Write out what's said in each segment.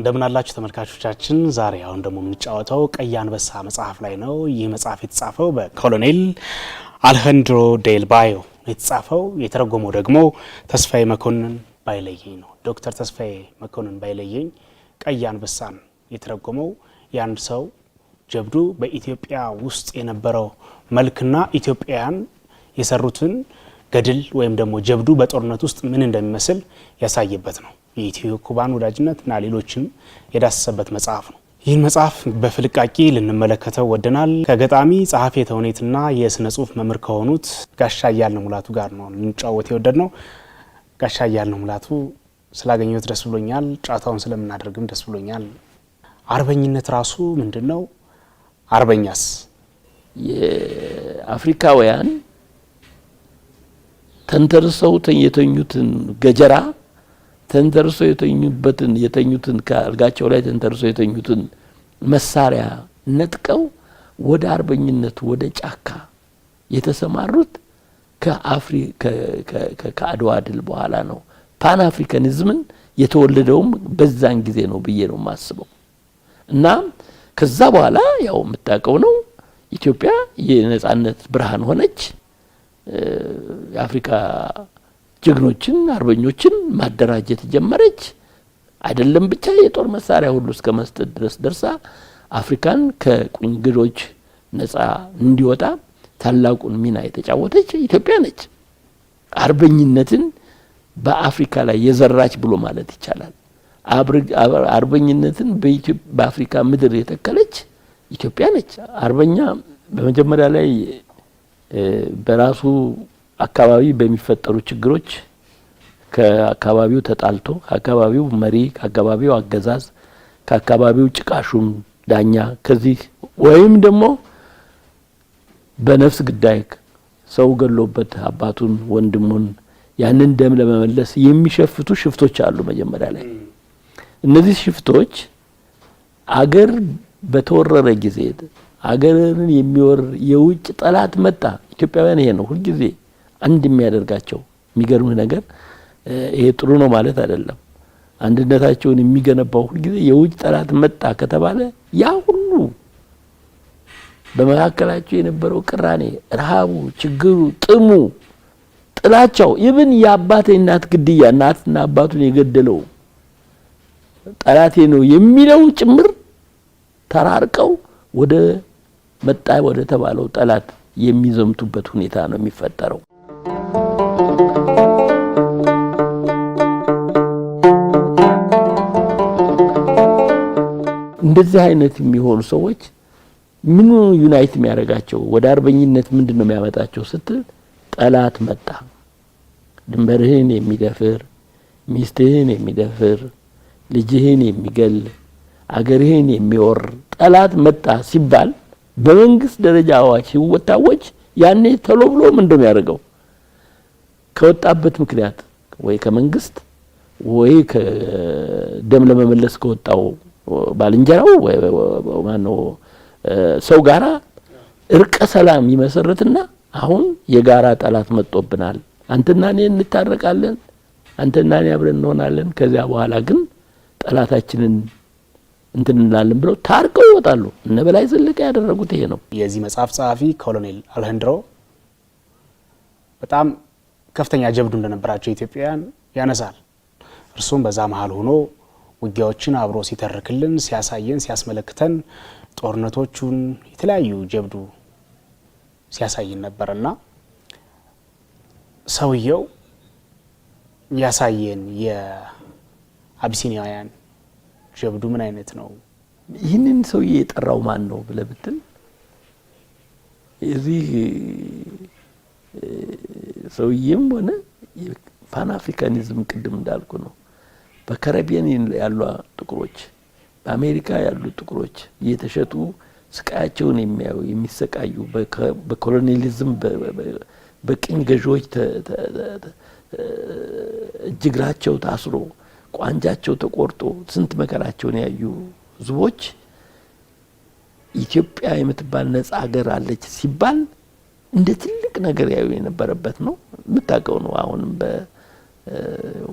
እንደምናላችሁ ተመልካቾቻችን፣ ዛሬ አሁን ደግሞ የምንጫወተው ቀይ አንበሳ መጽሐፍ ላይ ነው። ይህ መጽሐፍ የተጻፈው በኮሎኔል አልሃንድሮ ዴል ባዮ የተጻፈው የተረጎመው ደግሞ ተስፋዬ መኮንን ባይለየኝ ነው። ዶክተር ተስፋዬ መኮንን ባይለየኝ ቀይ አንበሳን የተረጎመው የአንድ ሰው ጀብዱ በኢትዮጵያ ውስጥ የነበረው መልክና ኢትዮጵያውያን የሰሩትን ገድል ወይም ደግሞ ጀብዱ በጦርነት ውስጥ ምን እንደሚመስል ያሳይበት ነው። የኢትዮ ኩባን ወዳጅነት እና ሌሎችም የዳሰሰበት መጽሐፍ ነው። ይህን መጽሐፍ በፍልቃቂ ልንመለከተው ወደናል። ከገጣሚ ጸሐፊ ተውኔትና የስነ ጽሁፍ መምህር ከሆኑት ጋሻ እያልነው ሙላቱ ጋር ነው ልንጫወት የወደድ ነው። ጋሻ እያልነው ሙላቱ ስላገኘት ደስ ብሎኛል። ጨዋታውን ስለምናደርግም ደስ ብሎኛል። አርበኝነት ራሱ ምንድን ነው? አርበኛስ? የአፍሪካውያን ተንተርሰው የተኙትን ገጀራ ተንተርሶ የተኙበትን የተኙትን ከአልጋቸው ላይ ተንተርሶ የተኙትን መሳሪያ ነጥቀው ወደ አርበኝነት ወደ ጫካ የተሰማሩት ከአድዋ ድል በኋላ ነው። ፓን አፍሪካኒዝምን የተወለደውም በዛን ጊዜ ነው ብዬ ነው የማስበው። እና ከዛ በኋላ ያው የምታውቀው ነው ኢትዮጵያ የነጻነት ብርሃን ሆነች የአፍሪካ ጀግኖችን አርበኞችን ማደራጀት ጀመረች። አይደለም ብቻ የጦር መሳሪያ ሁሉ እስከ መስጠት ድረስ ደርሳ አፍሪካን ከቁንግዶች ነጻ እንዲወጣ ታላቁን ሚና የተጫወተች ኢትዮጵያ ነች። አርበኝነትን በአፍሪካ ላይ የዘራች ብሎ ማለት ይቻላል። አርበኝነትን በአፍሪካ ምድር የተከለች ኢትዮጵያ ነች። አርበኛ በመጀመሪያ ላይ በራሱ አካባቢ በሚፈጠሩ ችግሮች ከአካባቢው ተጣልቶ ከአካባቢው መሪ ከአካባቢው አገዛዝ ከአካባቢው ጭቃሹም ዳኛ ከዚህ ወይም ደግሞ በነፍስ ግዳይ ሰው ገሎበት አባቱን ወንድሙን ያንን ደም ለመመለስ የሚሸፍቱ ሽፍቶች አሉ። መጀመሪያ ላይ እነዚህ ሽፍቶች አገር በተወረረ ጊዜ አገርን የሚወር የውጭ ጠላት መጣ። ኢትዮጵያውያን ይሄ ነው ሁልጊዜ አንድ የሚያደርጋቸው የሚገርምህ ነገር ይሄ ጥሩ ነው ማለት አይደለም። አንድነታቸውን የሚገነባው ሁልጊዜ የውጭ ጠላት መጣ ከተባለ ያ ሁሉ በመካከላቸው የነበረው ቅራኔ፣ ረሃቡ፣ ችግሩ፣ ጥሙ፣ ጥላቻው ይብን የአባት እናት ግድያ እናትና አባቱን የገደለው ጠላቴ ነው የሚለው ጭምር ተራርቀው ወደ መጣ ወደ ተባለው ጠላት የሚዘምቱበት ሁኔታ ነው የሚፈጠረው። እንደዚህ አይነት የሚሆኑ ሰዎች ምኑ ዩናይት የሚያደርጋቸው ወደ አርበኝነት ምንድን ነው የሚያመጣቸው ስትል ጠላት መጣ፣ ድንበርህን የሚደፍር ሚስትህን የሚደፍር ልጅህን የሚገል አገርህን የሚወር ጠላት መጣ ሲባል በመንግስት ደረጃ አዋጅ ሲወታወጅ ያኔ ተሎ ብሎ ምንድን ነው የሚያደርገው ከወጣበት ምክንያት ወይ ከመንግስት ወይ ከደም ለመመለስ ከወጣው ባልንጀራው ማነው ሰው ጋራ እርቀ ሰላም ይመሰርትና አሁን የጋራ ጠላት መጦብናል፣ አንተና እኔ እንታረቃለን፣ አንተና እኔ አብረን እንሆናለን፣ ከዚያ በኋላ ግን ጠላታችንን እንትን እንላለን ብለው ታርቀው ይወጣሉ። እነ በላይ ዘለቀ ያደረጉት ይሄ ነው። የዚህ መጽሐፍ ጸሐፊ ኮሎኔል አልሄንድሮ በጣም ከፍተኛ ጀብዱ እንደነበራቸው ኢትዮጵያውያን ያነሳል። እርሱም በዛ መሀል ሆኖ ውጊያዎችን አብሮ ሲተርክልን፣ ሲያሳየን፣ ሲያስመለክተን ጦርነቶቹን የተለያዩ ጀብዱ ሲያሳይን ነበርና ሰውየው ያሳየን የአቢሲኒያውያን ጀብዱ ምን አይነት ነው? ይህንን ሰውዬ የጠራው ማን ነው ብለህ ብትል የዚህ ሰውዬም ሆነ ፓን አፍሪካኒዝም ቅድም እንዳልኩ ነው በካሪቢያን ያሉ ጥቁሮች፣ በአሜሪካ ያሉ ጥቁሮች እየተሸጡ ስቃያቸውን የሚያዩ የሚሰቃዩ በኮሎኒያሊዝም በቅኝ ገዢዎች እጅግራቸው ታስሮ ቋንጃቸው ተቆርጦ ስንት መከራቸውን ያዩ ህዝቦች ኢትዮጵያ የምትባል ነጻ ሀገር አለች ሲባል እንደ ትልቅ ነገር ያዩ የነበረበት ነው። የምታውቀው ነው። አሁንም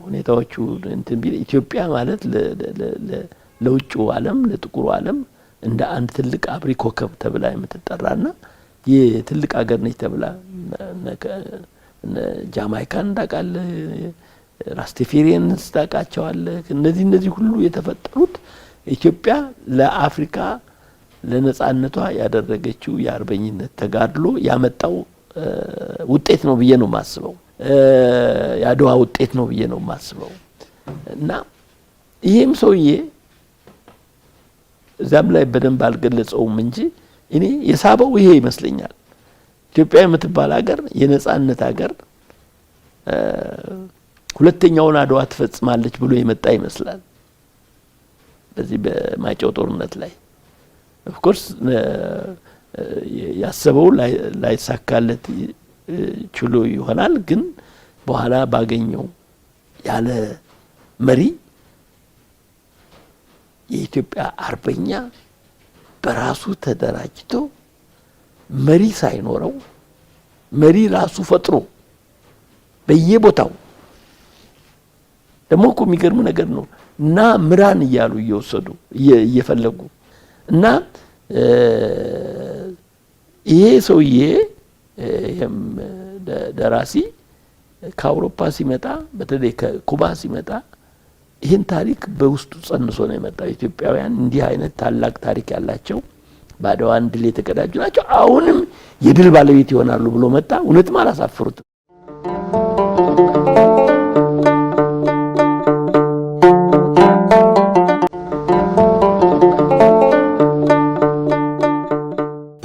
ሁኔታዎቹ እንትን ቢል ኢትዮጵያ ማለት ለውጭ ዓለም ለጥቁሩ ዓለም እንደ አንድ ትልቅ አብሪ ኮከብ ተብላ የምትጠራና ይህ ትልቅ ሀገር ነች ተብላ ጃማይካን እንዳቃለ ራስቴፌሪን ስታቃቸዋለ እነዚህ እነዚህ ሁሉ የተፈጠሩት ኢትዮጵያ ለአፍሪካ ለነጻነቷ ያደረገችው የአርበኝነት ተጋድሎ ያመጣው ውጤት ነው ብዬ ነው የማስበው። የአድዋ ውጤት ነው ብዬ ነው የማስበው። እና ይህም ሰውዬ እዚያም ላይ በደንብ አልገለጸውም እንጂ እኔ የሳበው ይሄ ይመስለኛል። ኢትዮጵያ የምትባል ሀገር የነጻነት ሀገር ሁለተኛውን አድዋ ትፈጽማለች ብሎ የመጣ ይመስላል። በዚህ በማይጨው ጦርነት ላይ ኦፍኮርስ ያሰበው ላይሳካለት ችሎ ይሆናል። ግን በኋላ ባገኘው ያለ መሪ የኢትዮጵያ አርበኛ በራሱ ተደራጅቶ መሪ ሳይኖረው መሪ ራሱ ፈጥሮ በየቦታው ደግሞ እኮ የሚገርም ነገር ነው እና ምራን እያሉ እየወሰዱ እየፈለጉ እና ይሄ ሰውዬ ደራሲ ከአውሮፓ ሲመጣ በተለይ ከኩባ ሲመጣ ይህን ታሪክ በውስጡ ጸንሶ ነው የመጣው። ኢትዮጵያውያን እንዲህ አይነት ታላቅ ታሪክ ያላቸው ባድዋን ድል የተቀዳጁ ናቸው፣ አሁንም የድል ባለቤት ይሆናሉ ብሎ መጣ። እውነትም አላሳፍሩትም።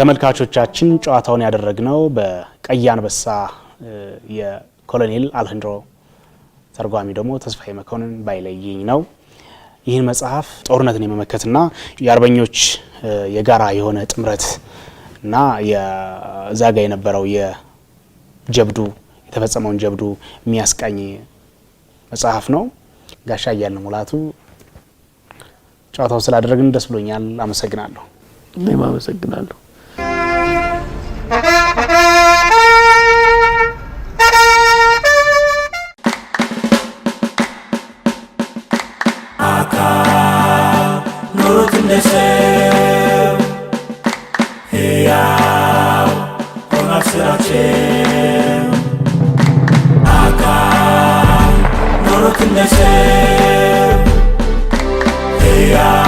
ተመልካቾቻችን ጨዋታውን ያደረግነው በ ቀይ አንበሳ የኮሎኔል አልህንድሮ ተርጓሚ ደግሞ ተስፋዬ መኮንን ባይለይኝ ነው። ይህን መጽሐፍ ጦርነትን የመመከትና የአርበኞች የጋራ የሆነ ጥምረት እና የዛጋ የነበረው የጀብዱ የተፈጸመውን ጀብዱ የሚያስቃኝ መጽሐፍ ነው። ጋሻ እያልን ሙላቱ ጨዋታው ስላደረግን ደስ ብሎኛል። አመሰግናለሁ። እኔም አመሰግናለሁ። witnesses. Hey,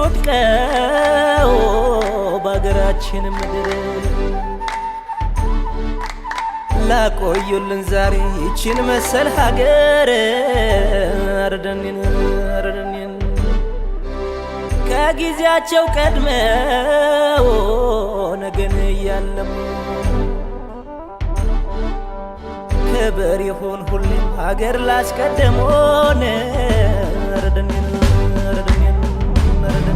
ወድቀው በአገራችን ምድር ላቆዩልን ዛሬ ይችን መሰል ሀገር አርደንን አርደንን ከጊዜያቸው ቀድመው ነገን እያለሙ ክብር ይሁን ሁሌም ሀገር ላስቀደሞን አርደንን onlara da.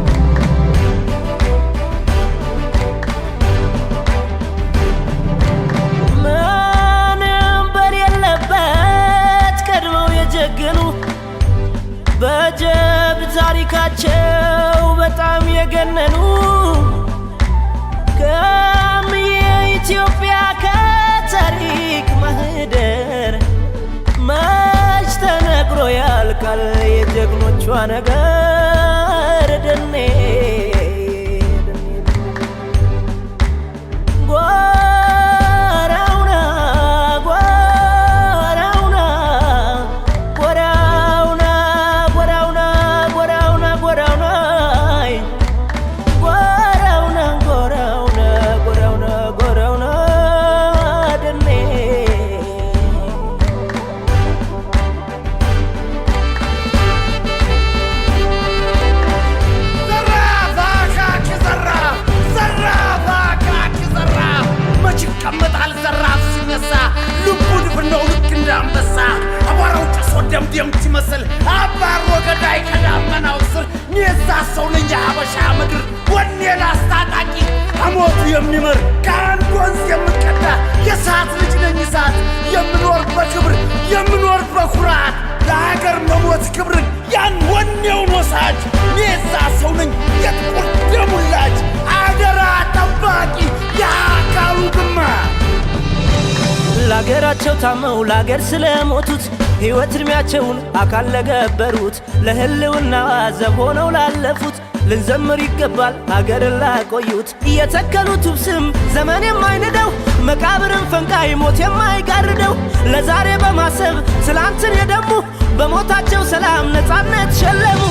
ቀድመው የጀገኑ በጀብ ታሪካቸው በጣም የገነኑ ከም የኢትዮጵያ ከታሪክ ማህደር መች ተነግሮ ያልቃል የጀግኖቿ ነገር የሚመር ከአንድ ወንዝ የምቀዳ የሰዓት ልጅ ነኝ እሳት የምኖር በክብር የምኖር በኩራት ለሀገር መሞት ክብር ያን ወኔውን ወሳጅ እኔ ሰው ነኝ የጥቁር ደሙላጅ አደራ ጠባቂ ለሀገራቸው ታመው ለሀገር ስለሞቱት ሕይወት እድሜያቸውን አካል ለገበሩት ለህልውና ዘብ ሆነው ላለፉት ልንዘምር ይገባል ሀገርን ላቆዩት እየተከሉት ስም ዘመን የማይንደው መቃብርን ፈንቃይ ሞት የማይጋርደው ለዛሬ በማሰብ ትላንትን የደሙ በሞታቸው ሰላም ነፃነት ሸለሙ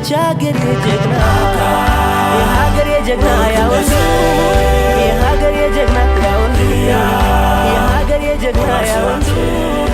ሀገሬ ጀግና የሀገሬ ጀግና ያወን የሀገሬ ጀግና ያወን የሀገሬ ጀግና ያወን